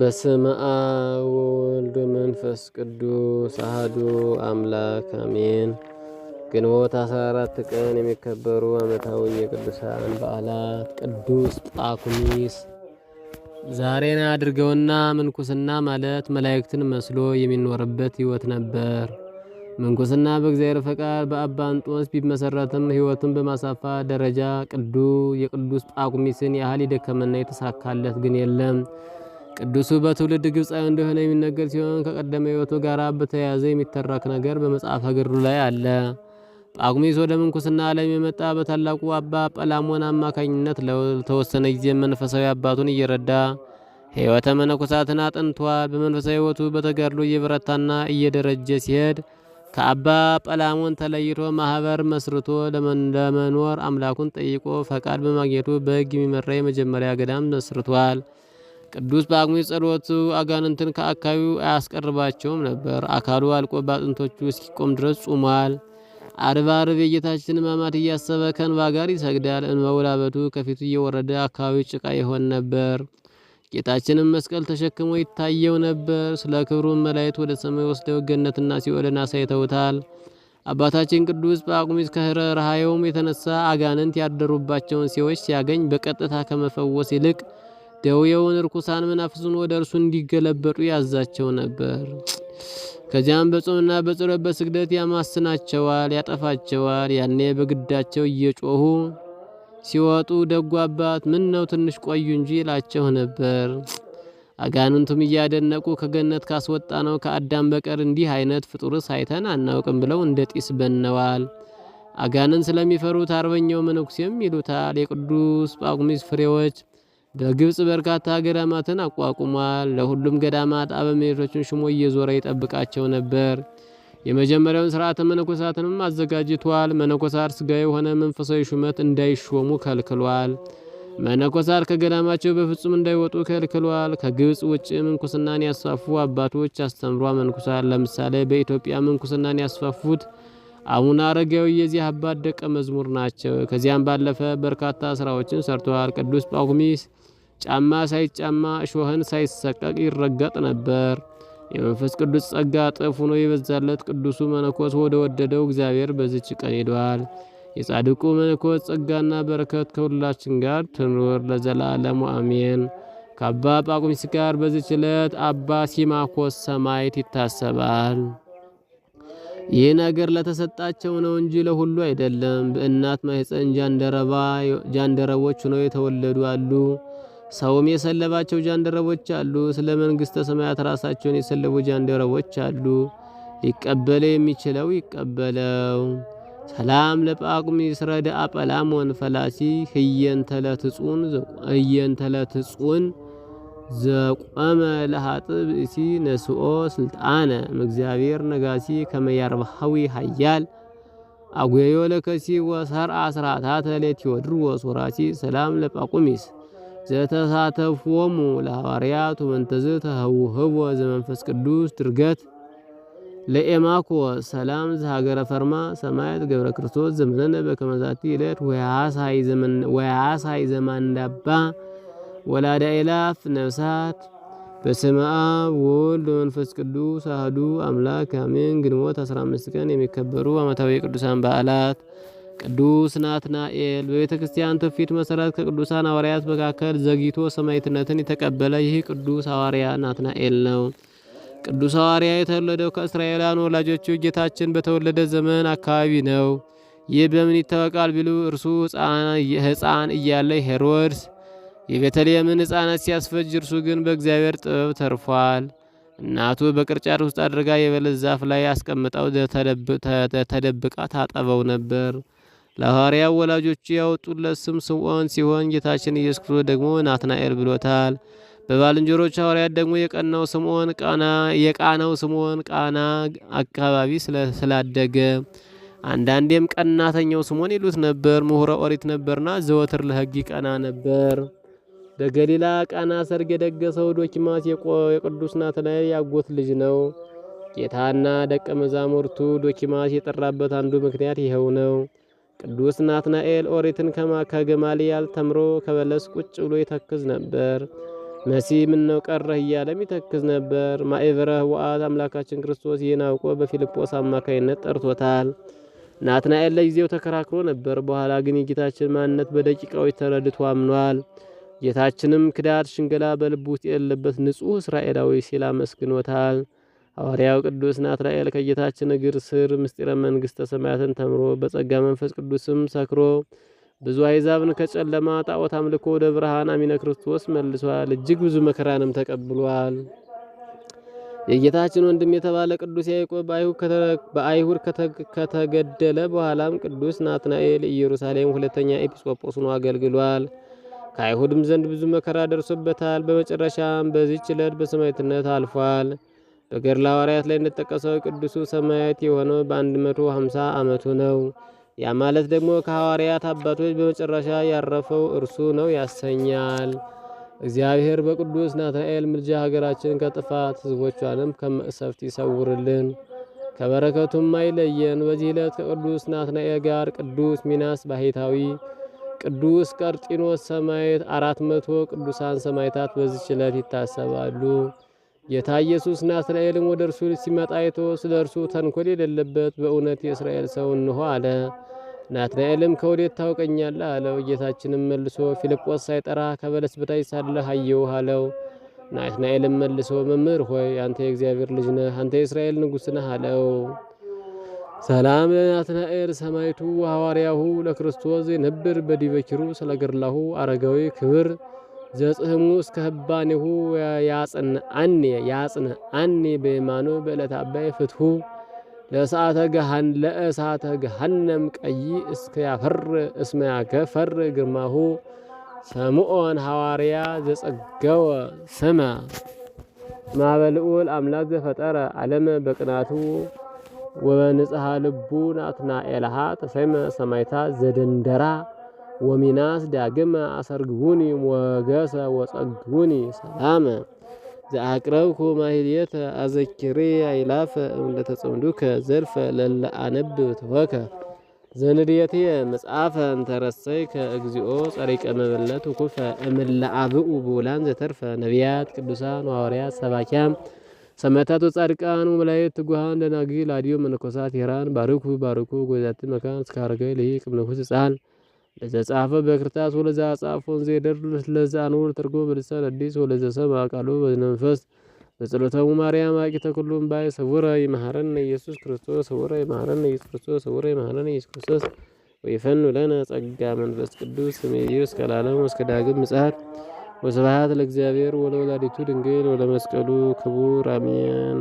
በስመ አብ ወወልድ ወመንፈስ ቅዱስ አህዱ አምላክ አሜን። ግንቦት 14 ቀን የሚከበሩ ዓመታዊ የቅዱሳን በዓላት ቅዱስ ጳኩሚስ ዛሬን አድርገውና ምንኩስና ማለት መላእክትን መስሎ የሚኖርበት ሕይወት ነበር። ምንኩስና በእግዚአብሔር ፈቃድ በአባ እንጦንስ ቢመሰረትም ሕይወቱን በማሳፋት ደረጃ ቅዱ የቅዱስ ጳኩሚስን ያህል የደከመና የተሳካለት ግን የለም። ቅዱሱ በትውልድ ግብፃዊ እንደሆነ የሚነገር ሲሆን ከቀደመ ሕይወቱ ጋር በተያያዘ የሚተረክ ነገር በመጽሐፈ ግሩ ላይ አለ። ጳጉሚስ ወደ ምንኩስና ዓለም የመጣ በታላቁ አባ ጰላሞን አማካኝነት ለተወሰነ ጊዜ መንፈሳዊ አባቱን እየረዳ ሕይወተ መነኮሳትን አጥንቷል። በመንፈሳዊ ሕይወቱ በተጋድሎ እየበረታና እየደረጀ ሲሄድ ከአባ ጰላሞን ተለይቶ ማህበር መስርቶ ለመኖር አምላኩን ጠይቆ ፈቃድ በማግኘቱ በሕግ የሚመራ የመጀመሪያ ገዳም መስርቷል። ቅዱስ በአግኒ ጸሎቱ አጋንንትን ከአካባቢው አያስቀርባቸውም ነበር። አካሉ አልቆ በአጥንቶቹ እስኪቆም ድረስ ጾሟል። አርባ አርብ የጌታችን ሕማማት እያሰበ ከእንባ ጋር ይሰግዳል። እንባው ላበቱ ከፊቱ እየወረደ አካባቢው ጭቃ ይሆን ነበር። ጌታችንም መስቀል ተሸክሞ ይታየው ነበር። ስለ ክብሩም መላእክት ወደ ሰማይ ወስደው ገነትና ሲኦልን አሳይተውታል። አባታችን ቅዱስ ጳቁሚስ ከርኅራኄውም የተነሳ አጋንንት ያደሩባቸውን ሰዎች ሲያገኝ በቀጥታ ከመፈወስ ይልቅ ደዌውን ርኩሳን መናፍስቱን ወደ እርሱ እንዲገለበጡ ያዛቸው ነበር። ከዚያም በጾምና በጸሎት በስግደት ያማስናቸዋል፣ ያጠፋቸዋል። ያኔ በግዳቸው እየጮሁ ሲወጡ ደጉ አባት ምን ነው ትንሽ ቆዩ እንጂ ይላቸው ነበር። አጋንንቱም እያደነቁ ከገነት ካስወጣ ነው ከአዳም በቀር እንዲህ አይነት ፍጡርስ አይተን አናውቅም ብለው እንደ ጢስ በነዋል። አጋንን ስለሚፈሩት አርበኛው መነኩሴም ይሉታል። የቅዱስ ጳጉሚስ ፍሬዎች በግብፅ በርካታ ገዳማትን አቋቁሟል። ለሁሉም ገዳማት አበምኔቶችን ሽሞ እየዞረ ይጠብቃቸው ነበር። የመጀመሪያውን ስርዓተ መነኮሳትንም አዘጋጅቷል። መነኮሳት ስጋ የሆነ መንፈሳዊ ሹመት እንዳይሾሙ ከልክሏል። መነኮሳት ከገዳማቸው በፍጹም እንዳይወጡ ከልክሏል። ከግብፅ ውጭ ምንኩስናን ያስፋፉ አባቶች አስተምሯ መንኩሳት ለምሳሌ በኢትዮጵያ ምንኩስናን ያስፋፉት አቡነ አረጋዊ የዚህ አባት ደቀ መዝሙር ናቸው። ከዚያም ባለፈ በርካታ ስራዎችን ሰርተዋል። ቅዱስ ጳጉሚስ ጫማ ሳይጫማ እሾህን ሳይሰቀቅ ይረገጥ ነበር። የመንፈስ ቅዱስ ጸጋ እጥፍ ሆኖ የበዛለት ቅዱሱ መነኮስ ወደ ወደደው እግዚአብሔር በዚች ቀን ሄደዋል። የጻድቁ መነኮስ ጸጋና በረከት ከሁላችን ጋር ትኑር ለዘላለሙ አሜን። ከአባ ጳቁሚስ ጋር በዚች ዕለት አባ ሲማኮስ ሰማዕት ይታሰባል። ይህ ነገር ለተሰጣቸው ነው እንጂ ለሁሉ አይደለም። በእናት ጃንደረባ ጃንደረቦች ሆነው የተወለዱ አሉ። ሰውም የሰለባቸው ጃንደረቦች አሉ። ስለ መንግስተ ሰማያት ራሳቸውን የሰለቡ ጃንደረቦች አሉ። ሊቀበለው የሚችለው ይቀበለው። ሰላም ለጳቁሚስ ረዳ አጳላም ወንፈላሲ ህየንተለትጹን ህየንተለትጹን ዘቆመ ለሃጥብ እሲ ነስኦ ስልጣነ እግዚአብሔር ነጋሲ ከመያርባሃዊ ሀያል አጉየዮ ለከሲ ወሰር አስራታ ተሌ ቴዎድሮስ ሰላም ለጳቁሚስ ዘተሳተፍዎሙ ለሐዋርያቱ መንተዝ ተህውህቦ ዘመንፈስ ቅዱስ ድርገት ለኤማኮ ሰላም ዘሀገረ ፈርማ ሰማያት ገብረ ክርስቶስ ዘመነነ በከመዛቲ ዕለት ወያሳይ ዘማን ዳባ ወላዳ ኤላፍ ነፍሳት በስመ አብ ወወልድ ወመንፈስ ቅዱስ አህዱ አምላክ አሜን። ግንቦት 15 ቀን የሚከበሩ ዓመታዊ የቅዱሳን በዓላት ቅዱስ ናትናኤል በቤተ ክርስቲያን ትውፊት መሰረት ከቅዱሳን ሐዋርያት መካከል ዘግይቶ ሰማዕትነትን የተቀበለ ይህ ቅዱስ ሐዋርያ ናትናኤል ነው። ቅዱስ ሐዋርያ የተወለደው ከእስራኤላውያን ወላጆቹ ጌታችን በተወለደ ዘመን አካባቢ ነው። ይህ በምን ይታወቃል ቢሉ እርሱ ሕፃን እያለ ሄሮድስ የቤተልሔምን ሕፃናት ሲያስፈጅ፣ እርሱ ግን በእግዚአብሔር ጥበብ ተርፏል። እናቱ በቅርጫት ውስጥ አድርጋ የበለስ ዛፍ ላይ አስቀምጠው ተደብቃ ታጠበው ነበር። ለሐዋርያው ወላጆቹ ያወጡለት ስም ስምዖን ሲሆን ጌታችን ኢየሱስ ክርስቶስ ደግሞ ናትናኤል ብሎታል። በባልንጀሮቹ ሐዋርያት ደግሞ የቀናው ስምዖን ቃና የቃናው ስምዖን ቃና አካባቢ ስላደገ አንዳንዴም ቀናተኛው ስምዖን ይሉት ነበር። ምሁረ ኦሪት ነበርና ዘወትር ለሕግ ቀና ነበር። በገሊላ ቃና ሰርግ የደገሰው ዶኪማስ የቅዱስ ናትናኤል ያጎት ልጅ ነው። ጌታና ደቀ መዛሙርቱ ዶኪማስ የጠራበት አንዱ ምክንያት ይኸው ነው። ቅዱስ ናትናኤል ኦሪትን ከገማልያል ተምሮ ከበለስ ቁጭ ብሎ ይተክዝ ነበር። መሲህ ምነው ቀረህ እያለም ይተክዝ ነበር። ማዕበረ ሕውሓት አምላካችን ክርስቶስ ይህን አውቆ በፊልጶስ አማካይነት ጠርቶታል። ናትናኤል ለጊዜው ተከራክሮ ነበር። በኋላ ግን የጌታችን ማንነት በደቂቃዎች ተረድቶ አምኗል። ጌታችንም ክዳት፣ ሽንገላ በልቡ ውስጥ የሌለበት ንጹሕ እስራኤላዊ ሲል አመስግኖታል። ሐዋርያው ቅዱስ ናትናኤል ከጌታችን እግር ስር ምስጢረ መንግሥተ ሰማያትን ተምሮ በጸጋ መንፈስ ቅዱስም ሰክሮ ብዙ አይዛብን ከጨለማ ጣዖት አምልኮ ወደ ብርሃን አሚነ ክርስቶስ መልሷል። እጅግ ብዙ መከራንም ተቀብሏል። የጌታችን ወንድም የተባለ ቅዱስ ያዕቆብ በአይሁድ ከተገደለ በኋላም ቅዱስ ናትናኤል ኢየሩሳሌም ሁለተኛ ኤጲስቆጶስ ሆኖ አገልግሏል። ከአይሁድም ዘንድ ብዙ መከራ ደርሶበታል። በመጨረሻም በዚህች ዕለት በሰማዕትነት አልፏል። በገድለ ሐዋርያት ላይ እንደተጠቀሰው ቅዱሱ ሰማያት የሆነው በ150 ዓመቱ ነው። ያ ማለት ደግሞ ከሐዋርያት አባቶች በመጨረሻ ያረፈው እርሱ ነው ያሰኛል። እግዚአብሔር በቅዱስ ናትናኤል ምልጃ ሀገራችን ከጥፋት ሕዝቦቿንም ከመቅሰፍት ይሰውርልን ከበረከቱም አይለየን። በዚህ ዕለት ከቅዱስ ናትናኤል ጋር ቅዱስ ሚናስ ባሕታዊ፣ ቅዱስ ቀርጢኖስ ሰማዕት፣ አራት መቶ ቅዱሳን ሰማዕታት በዚህ ዕለት ይታሰባሉ። ጌታ ኢየሱስ እስራኤልም ወደ እርሱ ሲመጣ አይቶ ስለ እርሱ ተንኮል የሌለበት በእውነት የእስራኤል ሰው እንሆ አለ። ናትናኤልም ከወዴት ታውቀኛለህ አለው። ጌታችንም መልሶ ፊልጶስ ሳይጠራ ከበለስ በታች ሳለህ አየሁህ አለው። ናትናኤልም መልሶ መምህር ሆይ አንተ የእግዚአብሔር ልጅ ነህ፣ አንተ የእስራኤል ንጉሥ ነህ አለው። ሰላም ለናትናኤል ሰማይቱ ሐዋርያሁ ለክርስቶስ ይነብር በዲበኪሩ ስለ ገድላሁ አረጋዊ ክብር ዘጽህሙ እስከ ህባኔሁ ያጽን አኔ ያጽን አኔ በየማኖ በዕለት አባይ ፍትሁ ለእሳተ ገሃን ለእሳተ ገሃነም ቀይ እስከ ያፈር እስመ ያከፈር ግርማሁ ሰምዖን ሐዋርያ ዘጸገወ ስመ ማበልዑል አምላክ ዘፈጠረ ዓለም በቅናቱ ወበንጽሐ ልቡ ናትናኤልሃ ተሰይመ ሰማይታ ዘደንደራ ومناس داقما أسرقوني وقاسا وصقوني سلاما زاقراوكو ما هديتا أذكري عيلافا ولا تصندوكا زرفا للا أنب توكا زنريتي مسافا ترسيكا اكزيوس اريك اما بلاتو كفا ام اللعبو بولان زترفا نبيات كدوسان وعوريات سباكام سمتاتو ساركان وملايات تقوهان لناقيل عديو من قصات هيران باروكو باروكو قوزاتي مكان سكارغي ليك من قصص ለዘጻፈ በክርታስ ወለዛ ጻፎን ዘደር ለዛ ኖር በልሳን አዲስ ወለዘ ሰማ ቃሉ በመንፈስ በጸሎታሙ ማርያም አቂተ ኩሉም ባይ ሰውረ ይመሐረነ ኢየሱስ ክርስቶስ ሰውረ ይመሐረነ ኢየሱስ ክርስቶስ ሰውረ ይመሐረነ ኢየሱስ ክርስቶስ ወይፈኑ ለነ ጸጋ መንፈስ ቅዱስ እምይእዜሰ እስከ እስከ ዳግም ምጽአት ወስብሐት ለእግዚአብሔር ወለወላዲቱ ድንግል ወለመስቀሉ ክቡር አሜን።